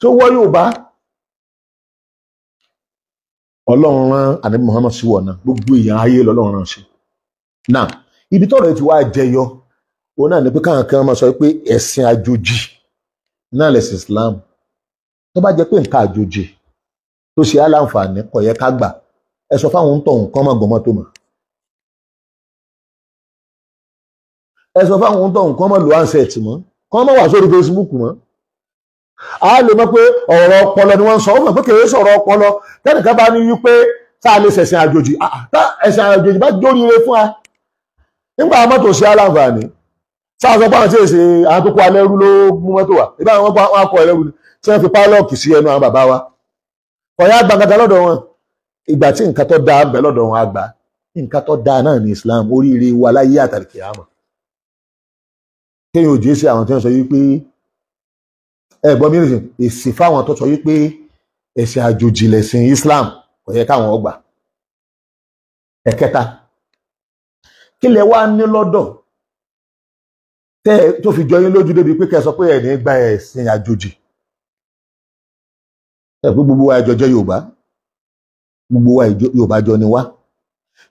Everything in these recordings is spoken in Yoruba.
tó wọ́ Yorùbá Ọlọ́run rán ànábì Muhammad sí gbogbo èèyàn ayé lọ́lọ́run rán ṣe. náà ibi tọ́rọ̀ ti wá jẹyọ òun náà pé káwọn ma sọ pé ẹ̀sìn àjòjì náà lẹ̀sìn Islam tó bá jẹ pé nǹkan àjòjì tó ṣe aláǹfààní ẹ sọ fáwọn tó mọ̀ ẹ sọ fáwọn wà sórí Facebook a lè mọ̀ pé ọ̀rọ̀ ọpọlọ ni wọ́n sọ ó mọ̀ pé kèé sọ̀rọ̀ ọpọlọ tẹ́nìkan bá ní wípé tá a lè ṣẹ̀sìn àjòjì ẹ̀sìn àjòjì bá jóríire fún wa nígbà mọ́tò sí aláǹfààní tá a sọ pé àwọn tí èsì àwọn tó kó alẹ́rú ló mú mọ́tò wa ìbá wọn wọn akọ ẹlẹ́rú ni tí wọ́n fi pálọ́ọ̀kì sí ẹnu àwọn bàbá wa kọ̀yà gbàgàdà lọ́dọ̀ wọn ìgbà tí nǹkan tó dáa ń lọ́dọ̀ wọn àgbà nǹkan tó dáa náà ní Islam oríire wa láyé àtàlìkè àmọ́ kéèyàn òjì sí àwọn tí wọ́n sọ yìí pé ẹ gbọ́ mi nìyí èsì fáwọn tó sọ yìí pé ẹ̀sìn àjòjì lẹ̀sìn Islam kò yẹ káwọn ọgbà ẹ̀kẹta kí lẹ wá ní lọ́dọ̀ tẹ́ tó fi jọ yín lójú débi pé kẹ́ sọ pé ẹ̀ ní gba ẹ̀sìn àjòjì ẹ pé gbogbo wa ẹjọ jẹ Yorùbá gbogbo wa Yorùbá jọ ni wá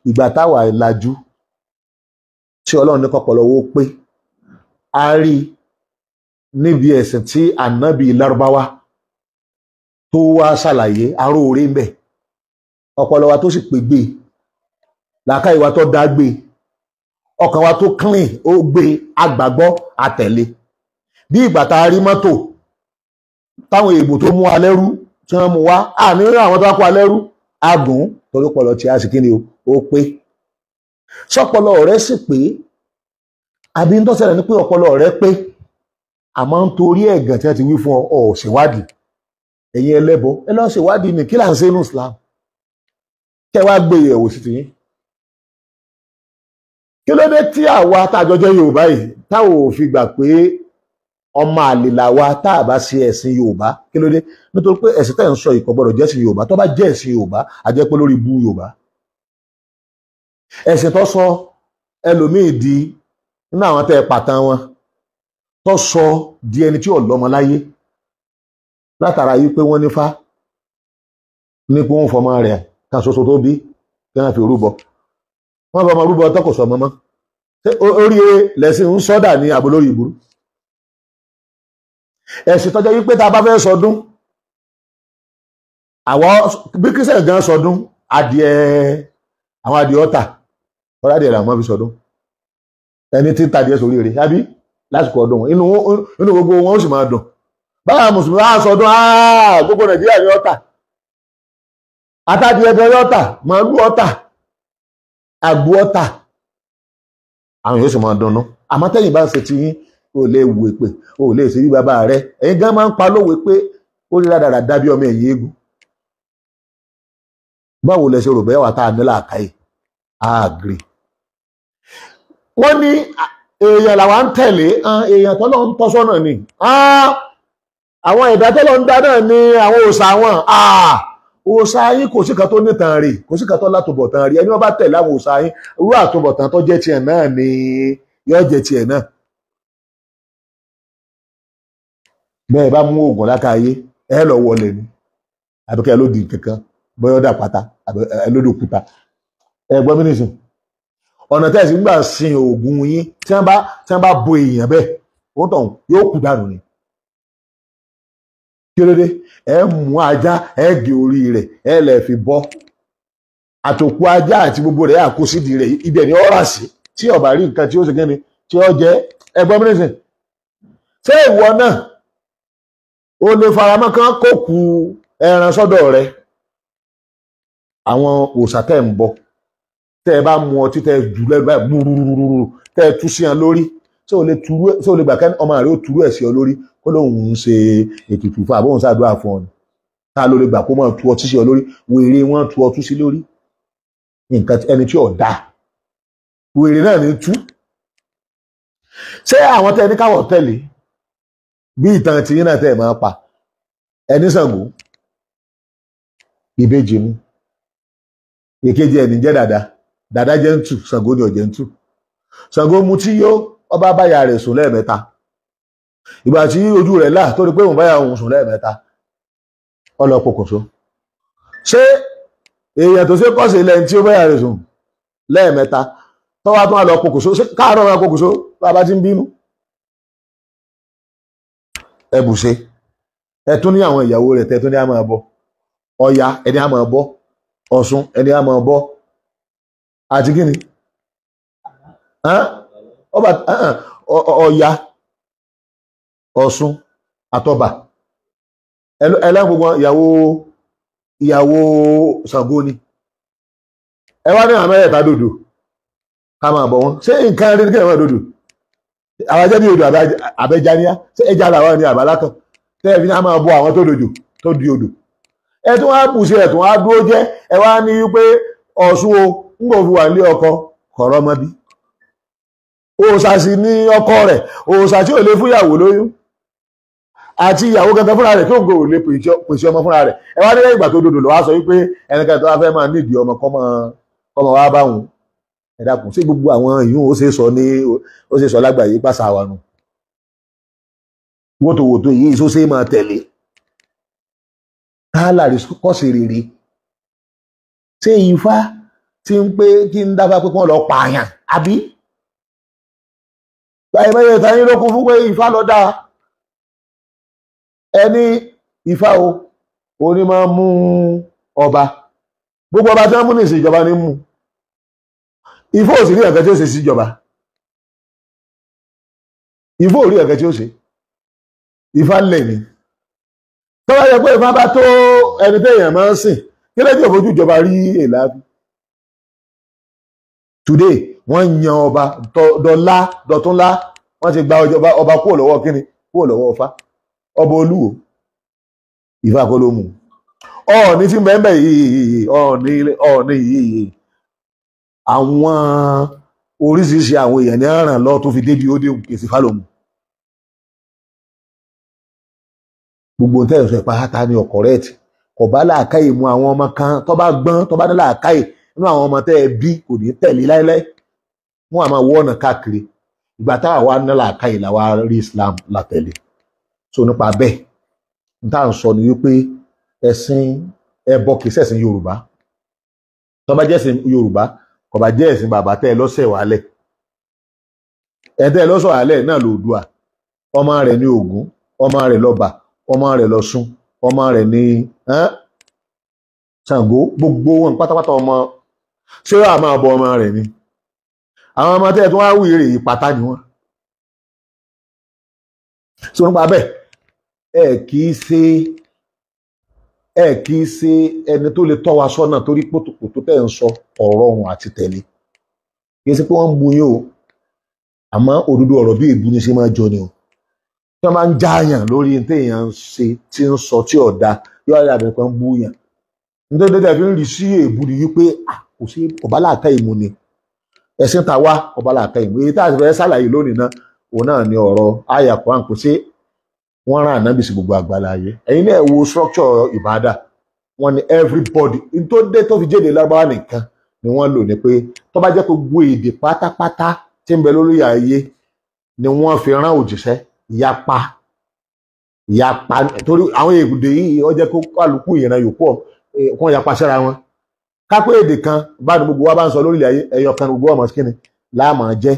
ìgbà táwa ìlàjú tí Ọlọ́run ní kọ́pọ̀lọ́ pé a rí i níbi ẹ̀sìn tí ànábì lárúbáwá tó wá ṣàlàyé aró orí ń bẹ̀ ọpọlọ wa tó sì pé gbé làákàyè wa tó dá gbé ọkàn wa tó clean ó gbé agbàgbọ́ àtẹ̀lé bí ìgbà tá a rí mọ́tò táwọn èèbò tó mú wa lẹ́rú tí wọ́n mú wa àní rí àwọn tó kó wa lẹ́rú agùn torí pọlọ tí a sì kí ni ó pé sọpọlọ rẹ sì pé àbí ń tọ́sẹ̀rẹ̀ ni pé ọpọlọ rẹ pé àmọ́ nítorí ẹ̀gàn tí wọ́n ti wí fún ọ ọ̀ ṣèwádìí ẹ̀yin ẹlẹ́bọ ẹ lọ́ọ́ ṣèwádìí ní kí là ń ṣe nù Islam kẹ wá gbé ìyẹ̀wò sí tìyín kí ló dé tí àwa tàjọjọ Yorùbá yìí táwọn ò fi gbà pé ọmọ àlè làwa tá a bá ṣe ẹ̀sìn Yorùbá kí ló dé nítorí pé ẹ̀sìn tẹ̀ ń sọ ìkọ̀ gbọ́dọ̀ jẹ́ Yorùbá tó bá jẹ́ ẹ̀sìn Yorùbá a pé lórí bú Yorùbá ẹ̀sìn tó sọ ẹlòmíì di nínú àwọn tẹ́ pàtàn wọn tó sọ di ẹni tí ò lọ́mọ láyé látara yìí pé wọ́n nífá ní pé wọ́n fọmọ rẹ̀ kan ṣoṣo tó bí kí wọ́n fi rúbọ wọ́n fọmọ rúbọ tó kò sọ mọ́mọ́ orí lẹ́sìn ń sọ́dà ní àbólórí ìbúrú ẹ̀sìn tọ́jọ́ yìí pé tá a bá fẹ́ sọdún àwọn bí kírísẹ̀ gan sọdún adìẹ àwọn adìẹ ọ̀tà ọ̀rọ̀ adìẹ làwọn fi sọdún ẹni tí ń tadìẹ sórí rẹ̀ àbí lásìkò ọdún inú gbogbo wọn ó sì máa dùn báwa mùsùlùmí á gbogbo nàìjíríà ní ọ̀tà atádìẹ gan yọ̀tà màálù ọtà àgbò ọ̀tà àwọn yóò sì máa tẹ́yìn bá ń ṣe ti o lè wù pé o lè ṣe bí bàbá rẹ ẹ̀yin gan máa ń pa lówe pé ó rí rádarà dábí ọmọ eégún báwo lẹ ṣe rò a èèyàn làwa ń tẹ̀lé èèyàn tọ́lọ́ ń tọ́ sọ́nà ni àwọn ẹ̀dá tọ́lọ́ ń dá náà ni àwọn òòṣà wọn òòṣà yín kò sí kan tó nìtàn rè kò sí kan tó látòbọ̀tán rè ẹni wọ́n bá tẹ̀lé àwọn òòṣà yín irú àtòbọ̀tán tó jẹ́ tiẹ̀ náà ni yóò jẹ́ tiẹ̀ náà. bẹ́ẹ̀ bá mú oògùn lákàáyé ẹ lọ wọlé ni àbíkẹ́ ló di kankan bọ́yọ́dà pátá àbí ẹ ló di òkúta ẹ gbọ́ mínísìn ọ̀nà tẹ́sí gbà sin oògùn yín tí wọ́n bá tí wọ́n bá bo èèyàn bẹ́ẹ̀ wọ́n tàn yóò kú dànù ni. kílódé ẹ mú ajá ẹ gé orí rẹ̀ ẹ lẹ̀ fi bọ́ àtòkù ajá àti gbogbo rẹ̀ àkó sídìí rẹ̀ ibẹ̀ ni ó rà sí tí ọ̀bà rí nǹkan tí ó ṣe kí ni tí ó jẹ́ ẹgbọ́n mínísìn ṣé ìwọ náà ó lè faramọ́ kán kó ku ẹran sọ́dọ̀ rẹ̀ àwọn òòṣà tẹ̀ ń bọ̀ tẹ́ ẹ bá mu ọtí tẹ́ ẹ jù lẹ́nu báyìí gbúrúrúrú tẹ́ ẹ tú sí ẹ lórí ṣé o lè turú ṣé o lè gbà kẹ́ni ọmọ rẹ ó turú ẹ̀ sí ọ lórí kó lóun ń ṣe ètùtù fún àbóhùn ṣàdúrà fún ọ ni tá a ló lè gbà kó máa tu ọtí sí ọ lórí wèrè wọn tu ọtí sí lórí nǹkan ẹni tí ò dáa wèrè náà ní tú ṣé àwọn tẹ ní káwọ tẹ̀lé bí ìtàn tìyín náà tẹ máa pa ẹni Ṣàngó ìbejì mu èkejì ẹni jẹ́ dàda dàdá jẹ́ǹtù ṣàngó ni ọ̀jẹ̀ǹtù ṣàngó mu tí yó ọba báyà rẹ̀ sùn lẹ́ẹ̀mẹ́ta ìgbà tí ojú rẹ̀ là tó rí pé òun báyà òun sùn lẹ́ẹ̀mẹ́ta ọlọ pokùnso ṣé èèyàn tó ṣe kọ́sì lẹ́yìn tí ó báyà rẹ̀ sùn lẹ́ẹ̀mẹ́ta tọ́wọ́ tó wà lọ pokùnso káàárọ̀ wọn pokùnso ti ń bínú ẹ ẹ tún ní àwọn ìyàwó rẹ̀ tẹ tún ní àmọ́ ẹ àti kí ni ọba ọya ọ̀ṣun àtọ̀bà ẹlẹ́yìn gbogbo ìyàwó ìyàwó Ṣàngó ni ẹ wá ní àmẹ́rẹ̀ta dòdò ká máa bọ̀ wọ́n ṣé nǹkan rí kí ẹ̀ máa dòdò àwọn ajẹ́ ní odò àbẹ́jáníá ṣé ẹja làwọn ni àbálákan tẹ́lẹ̀ fi ní a máa bọ àwọn tó dòjò tó di odò ẹ tún wá bù sí ẹ tún wá dúró jẹ́ ẹ wá ní pé Ọ̀ṣun o ńgbò fún wà ní ọkọ kọ̀rọ̀ ọmọ bí òòṣà sì ní ọkọ rẹ̀ òòṣà tí ò lè fúyàwó lóyún àti ìyàwó gangan fúnra rẹ̀ kí òǹgò lè pèsè ọmọ fúnra rẹ̀ ẹ wá nílẹ̀ ìgbà tó dòdò lọ́wọ́ sọ wípé ẹnikẹ́ni tó wá fẹ́ máa nídìí ọmọ kọ́mọ kọ́mọ wá bá wọn ẹ dákun sí gbogbo àwọn ìyún ó ṣe sọ ní ó ṣe sọ lágbàáyé pàṣà wa nù wótòwótò yìí tó ṣe máa tẹ̀lé tálà rí kọ́sì rere ṣé ifá tí ń pé kí ń dábàá pé kí wọ́n lọ pààyàn àbí àìmọye ìtàn yín ló kún fún pé Ifá lọ dáa ẹni Ifá o oní máa ń mú ọba gbogbo ọba tí wọ́n mú ní ìṣèjọba ní mú Ifá ò sí ní ẹ̀kẹ́ tí ó ṣe síjọba Ifá ò rí ẹ̀kẹ́ tí ó ṣe Ifá lẹ̀ ni tọ́wọ́ yẹ pé Ifá bá tó ẹni tẹ́yàn máa ń sìn kí lẹ́jọ́ ìfojú ìjọba rí èlàbí today wọ́n yan ọba dọ́lá dọ́túnlá wọ́n ti gba ọjọba ọba kúrò lọ́wọ́ kíni kúrò lọ́wọ́ ọfá ọba olúwo ìfà kọ́ ló mú ọ̀ọ́ni tí mẹ́mẹ́ yìí ọ̀ọ́ni ọ̀ọ́ni yìí àwọn oríṣiríṣi àwọn èèyàn ní àràn lọ tó fi débi ó déhùn kèsì fálòmù gbogbo tẹ́lẹ̀ sọ ìpáhátá ni ọkọ̀ rẹ̀ tì kọ̀bá làákàyè mu àwọn ọmọ kan tó bá gbọ́n tó bá ní làákàyè inú àwọn ọmọ tẹ ẹ bí kò ní tẹ̀lé láéláé wọ́n á wọ ọ̀nà káàkiri ìgbà táwa wà ní Islam so nípa bẹ́ẹ̀ n tá ni wípé pe ẹbọ kìí ṣẹ̀sìn Yorùbá tó bá yoruba Yorùbá kò bá ọmọ rẹ ní ọmọ rẹ lọba ọmọ rẹ ọmọ rẹ ní gbogbo wọn ọmọ ṣé wàá máa bọ ọmọ rẹ̀ ni àwọn ọmọ tẹ́ẹ̀ tó wá wúyèrè yìí pátá ni wọ́n so nípa bẹ́ẹ̀ ẹ kì í ṣe ẹ kì í ṣe ẹni tó lè tọ́ wa sọ́nà torí pòtòpòtò tẹ̀ ń sọ ọ̀rọ̀ ọ̀hún àti tẹ̀lé kì í ṣe pé wọ́n ń bu yín o àmọ́ òdodo ọ̀rọ̀ bí èbú ni ṣe máa jọ ni o tí wọ́n máa ń jáàyàn lórí ní téèyàn ń ṣe tí ń sọ tí ọ̀dà yóò rí àbẹ̀pẹ̀ ń bú yàn nítorí tẹ́tẹ́ fi ń rí sí èbú ni wípé ah kò sí ọ̀bá làákà ìmú ni ẹ̀sìn ta wá ọ̀bá làákà ìmú èyí tá a fẹ́ ṣàlàyé lónìí náà òun náà ni ọ̀rọ̀ àyà kan kò sí wọ́n rán ànábì sí gbogbo àgbàláyé ẹ̀yin náà wo structure ìbádà wọ́n ní everybody n tó dé tó fi jẹ́de lárúbáwá nìkan ni wọ́n lò ní pé tó bá jẹ́ pé gbogbo èdè pátápátá tí ń bẹ lórí ayé ni wọ́n fi rán òjíṣẹ́ ìyapa ìyapa torí àwọn èdè yìí ó kó kálukú ìran yòókù ọ̀ eh, kó yapa síra wọn kápẹ́ èdè kan báyìí gbogbo wa bá ń sọ lórílẹ̀ ayé ẹ̀yọ kan gbogbo ọmọ kíni láàmú jẹ́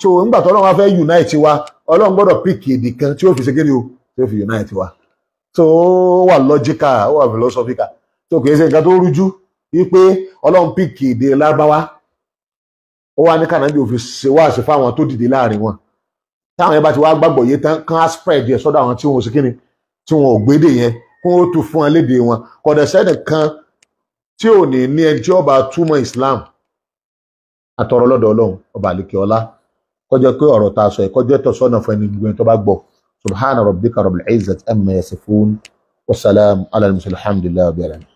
so ńgbà tó ọlọ́run wá fẹ́ unite wa ọlọ́run gbọ́dọ̀ pick èdè kan tí ó fi ṣe kíni o tí ó fi unite wa so ó wà logical ó wà philosophical so kì í ṣe nǹkan tó rújú wípé ọlọ́run pick èdè lárúbáwá ó wá ní kànáàbí òfin ṣe wá ṣe fáwọn tó dìde láàrin wọn táwọn yẹn bá ti wá gbàgbọ́ yé tán kán á spread yẹ sọ́dọ̀ àwọn tí wọn ò ṣe kíni tí wọn ò gbédè yẹn kó tó fún wọn léde wọn kọ̀dẹ̀ sẹ́nìkan tí ò ní ní ẹjọ́ ọba túmọ̀ Islam àtọ̀rọ̀ lọ́dọ̀ ọlọ́run ọba àlekè ọlá kọjọ pé ọ̀rọ̀ tá a sọ yìí kọjọ tọ̀sọ́nà fún ẹni gbogbo ẹni tó bá gbọ́ subhana rabbika rabbil izzati amma yasifun wasalaam ala al-mursalin alhamdulilayi wa bi'alami.